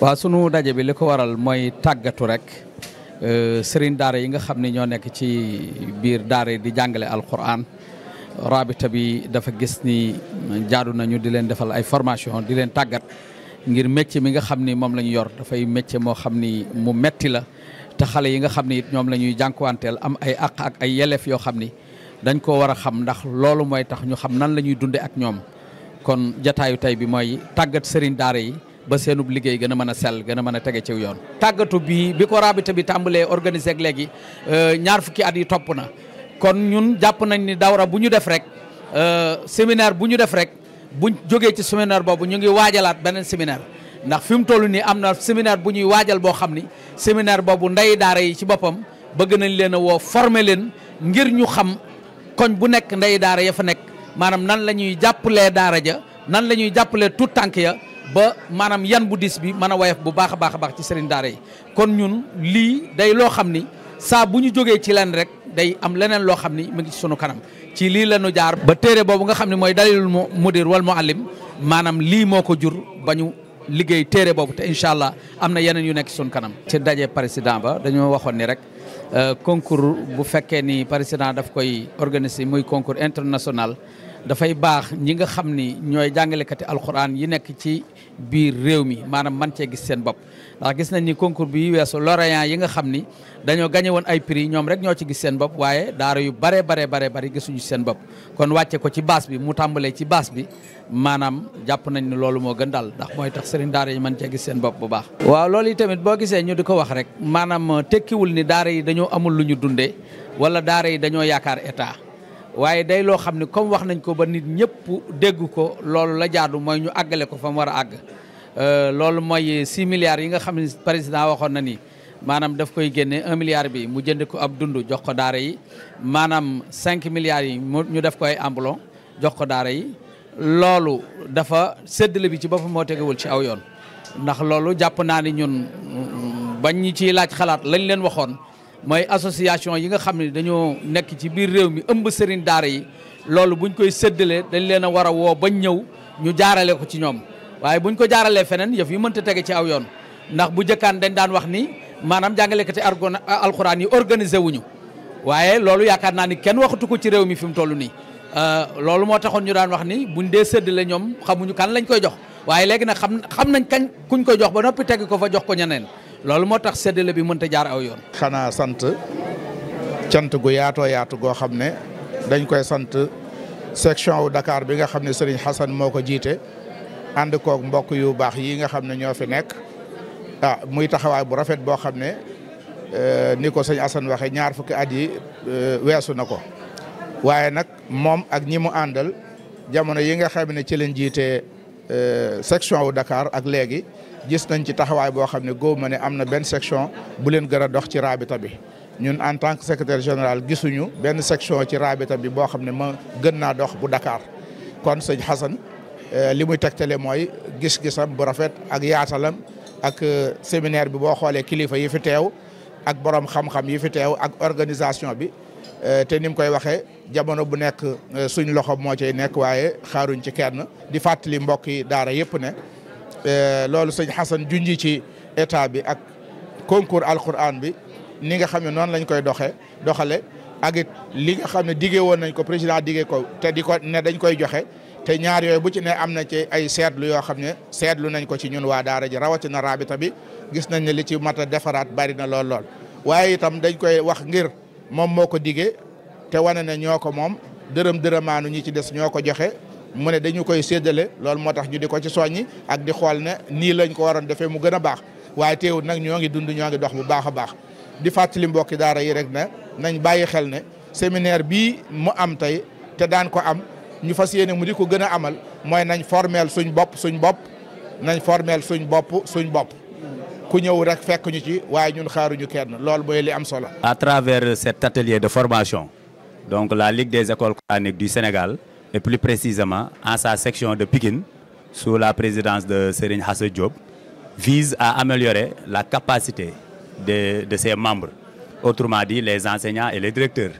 waaw sunu daje bi li ko waral mooy tàggatu rek euh, sëriñ daare yi nga xam ne ñoo nekk ci biir daare di jàngale alquran rabita bi dafa gis ni jaadu nañu di leen defal ay formation di leen tàggat ngir métier mi nga xam ni moom la ñu yor dafay métier moo xam ni mu metti la te xale yi nga xam ni it ñoom lañuy ñuy jànkuwanteel am ay àq ak ay yelleef yoo xam ni dañ ko war a xam ndax loolu mooy tax ñu xam nan la ñuy dunde ak ñoom kon jataayu tey bi mooy tàggat sëriñ daara yi ba seenub liggéey gën a mën a sell gën a mën a tege ciw yoon tàggatu bi bi ko rabita bi tàmbalee organisé ak léegi euh, ñaar fukki at yi topp na kon ñun jàpp nañ ni dawra bu ñu def rek euh, séminaire bu ñu def rek bu jógee ci séminaire boobu ñu ngi waajalaat beneen séminaire ndax fi mu toll nii am na séminaire bu ñuy waajal boo xam ni séminaire boobu ndey daara boppam bëgg nañ leen woo former leen ngir ñu xam koñ bu nekk ndey daara ya fa nekk maanaam nan la ñuy jàppalee daara ja nan la ñuy jàppalee tout tànk ya ba maanaam yan bu dis bi mën a woyof bu baax a baax a baax ci sëriñ daara yi kon ñun lii day loo xam ni saa bu ñu jógee ci leen rek day am leneen loo xam ni mu ngi ci sunu kanam ci lii la ñu jaar ba téere boobu nga xam ne mooy dalilul mudir wal muallim maanaam lii moo ko jur ba liggéey téere boobu te incha allah am na yeneen yu nekk suñ kanam. ci daje président ba dañoo waxoon ni rek euh, concours bu fekkee ni président daf koy organiser muy concours international. dafay baax ñi nga xam ni ñooy jàngalekati alxuraan yi nekk ci biir réew mi maanaam man cee gis seen bopp ndax gis nañ ni concours bi weesu lauréat yi nga xam ni dañoo gagné woon ay prix ñoom rek ñoo ci gis seen bopp waaye daara yu bare bare bare bari gisuñu ci seen bopp kon wàcce ko ci baas bi mu tàmbalee ci baas bi maanaam jàpp nañ ne loolu moo gën daal ndax mooy tax sëriñ daara yi man cee gis seen bopp bu baax waaw loolu yi tamit boo gisee ñu di ko wax rek maanaam tekkiwul ni daara yi dañoo amul lu ñu dundee wala daara yi dañoo yaakaar état waaye day loo xam ne comme wax nañ ko ba nit ñëpp dégg ko loolu la jaadu mooy ñu àggale ko fa mu war a àgg euh, loolu mooy 6 milliards yi nga xam ne président waxoon na ni maanaam daf koy génne 1 milliard bi mu jënd ko ab dund jox ko daara yi maanaam cinq milliards yi ñu def ko ay ambulon jox ko daara yi loolu dafa séddale bi ci boppam moo tegewul ci aw yoon ndax loolu jàpp naa ni ñun mm, mm, bañ ñu ciy laaj xalaat lañ leen waxoon mooy association yi nga xam ne dañoo nekk ci biir réew mi ëmb sëriñ daara yi loolu buñ koy séddalee dañ leen a war a woo bañ ñëw ñu jaarale ko ci ñoom waaye buñ ko jaaralee feneen yëf yi mënta tege ci aw yoon ndax bu jëkkaan dañ daan wax ni maanaam jàngalekati alxuraan yi organisé wuñu waaye loolu yaakaar naa ni kenn waxatu ko ci réew mi fi mu toll nii euh, loolu moo taxoon ñu daan wax ni buñ dee séddale ñoom xamuñu kan lañ koy jox waaye léegi nag xam xam nañ kañ kuñ koy jox ba noppi teg ko fa jox ko ñeneen loolu moo tax séddale bi mënta jaar aw yoon. xanaa sant cant gu yaatoo yaatu goo xam ne dañ koy sant section wu Dakar bi nga xam ne Serigne Hassan moo ko jiite ànd koog mbokk yu baax yi nga xam ne ñoo fi nekk a ah, muy taxawaay bu rafet boo xam ne eh, ni ko sëñ Hassan waxee ñaar fukki at yi eh, weesu na ko waaye nag moom ak ñi mu àndal jamono yi nga xam ne ci lañ jiite eh, section wu Dakar ak léegi. gis nañ ci taxawaay boo xam ne góob ma ne am na benn section bu leen gën a dox ci rabita bi ñun en tant que secretaire général gisuñu benn section ci rabita bi boo xam ne ma gën naa dox bu Dakar kon sëñ Xasan euh, li muy tegtale mooy gis-gisam bu rafet ak yaatalam ak euh, séminaire bi boo xoolee kilifa yi fi teew ak borom xam-xam yi fi teew ak organisation bi euh, te ni koy waxee jamono bu nekk suñ loxo moo cay nekk waaye xaaruñ ci kenn di fàttali mbokk yi daara yëpp ne. Eh, loolu sëñ Xasan junji ci état bi ak concours alquran bi ni nga xam ne noonu lañ koy doxee doxale ak it li xam ne diggee woon nañ ko président diggee ko te di ko ne dañ koy joxe te ñaar yooyu bu ci ne am na ci ay seetlu yoo xam ne seetlu nañ ko ci ñun waa daara ji rawatina rabita bi gis nañ ne li ci mat defaraat bari na lool lool. waaye itam dañ koy wax ngir moom moo ko diggee te wane ne ñoo ko moom dërëm dërëmaanu ñi ci des ñoo ko joxe. mu ne dañu koy séddale loolu moo tax ñu di ko ci soññi ak di xool ne nii lañ ko waroon defee mu gën a baax waaye teewul nag ñoo ngi dund ñoo ngi dox mu baax a baax di fàttali mbokki daara yi rek na nañ bàyyi xel ne séminaire bii mu am tey te daan ko am ñu fas yéene mu di ko gën a amal mooy nañ formel suñ bopp suñ bopp nañ formel suñ bopp suñ bopp ku ñëw rek fekk ñu ci waaye ñun xaaruñu kenn lool mooy li am solo. à travers cet atelier de formation donc la Ligue des écoles coraniques du Sénégal. et plus précisément en sa section de Pikine sous la présidence de Serigne Hasse Diop vise à améliorer la capacité de de ses membres autrement dit les enseignants et les directeurs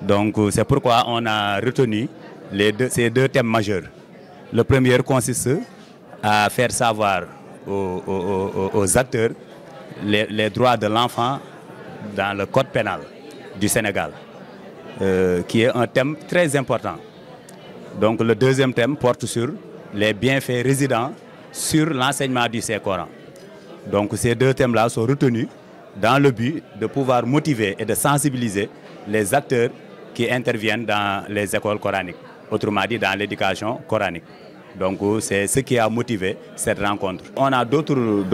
donc c'est pourquoi on a retenu les deux, ces deux thèmes majeurs le première consiste à faire savoir aux, aux, aux acteurs les, les droits de l'enfant dans le code pénal du Sénégal euh, qui est un thème très important Donc le deuxième thème porte sur les bienfaits résidents sur l'enseignement du Saint-Coran. Donc ces deux thèmes-là sont retenus dans le but de pouvoir motiver et de sensibiliser les acteurs qui interviennent dans les écoles coraniques, autrement dit dans l'éducation coranique. Donc c'est ce qui a motivé cette rencontre. On a d'autres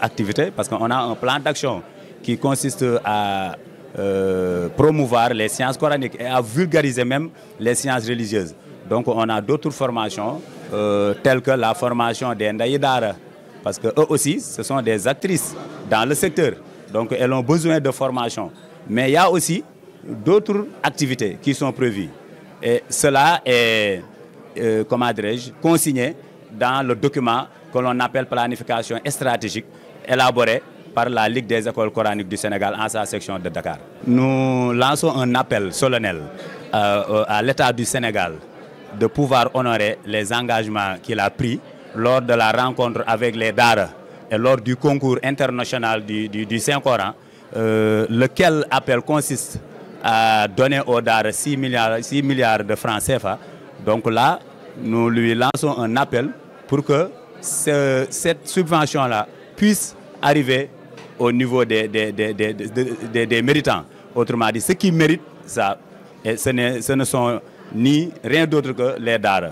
activités parce qu'on a un plan d'action qui consiste à Euh, promouvoir les sciences coraniques et à vulgariser même les sciences religieuses. Donc on a d'autres formations euh, telles que la formation des Ndayi Daara parce que eux aussi ce sont des actrices dans le secteur. Donc elles ont besoin de formation. Mais il y a aussi d'autres activités qui sont prévues. Et cela est, euh, comment dirais-je, consigné dans le document que l'on appelle planification stratégique élaboré par la Ligue des écoles coraniques du Sénégal en sa section de Dakar. Nous lançons un appel solennel euh, à l'État du Sénégal de pouvoir honorer les engagements qu'il a pris lors de la rencontre avec les Dara et lors du concours international du, du, du Saint-Coran, euh, lequel appel consiste à donner aux Dara 6 milliards, 6 milliards de francs CFA. Donc là, nous lui lançons un appel pour que cette subvention-là puisse arriver au niveau des, des, des, des, des méritants. Autrement dit, ceux qui méritent ça, et ce, ce ne sont ni rien d'autre que les daara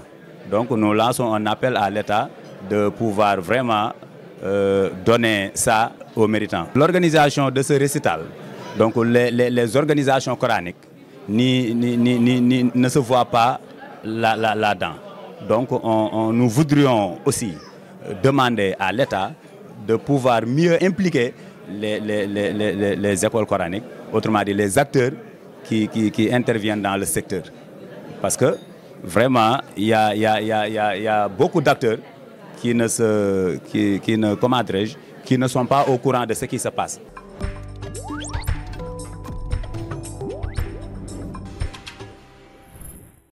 Donc nous lançons en appel à l'État de pouvoir vraiment euh, donner ça aux méritants. L'organisation de ce récital, donc les, les, les organisations coraniques, ni, ni, ni, ne se voient pas là-dedans. Là, là donc on, on, nous voudrions aussi demander à l'État de pouvoir mieux impliquer les, les, les, les, écoles coraniques, autrement dit les acteurs qui, qui, qui interviennent dans le secteur. Parce que vraiment, il y a, y, a, y, a, y a, beaucoup d'acteurs qui ne, se, qui, qui ne, qui ne sont pas au courant de ce qui se passe.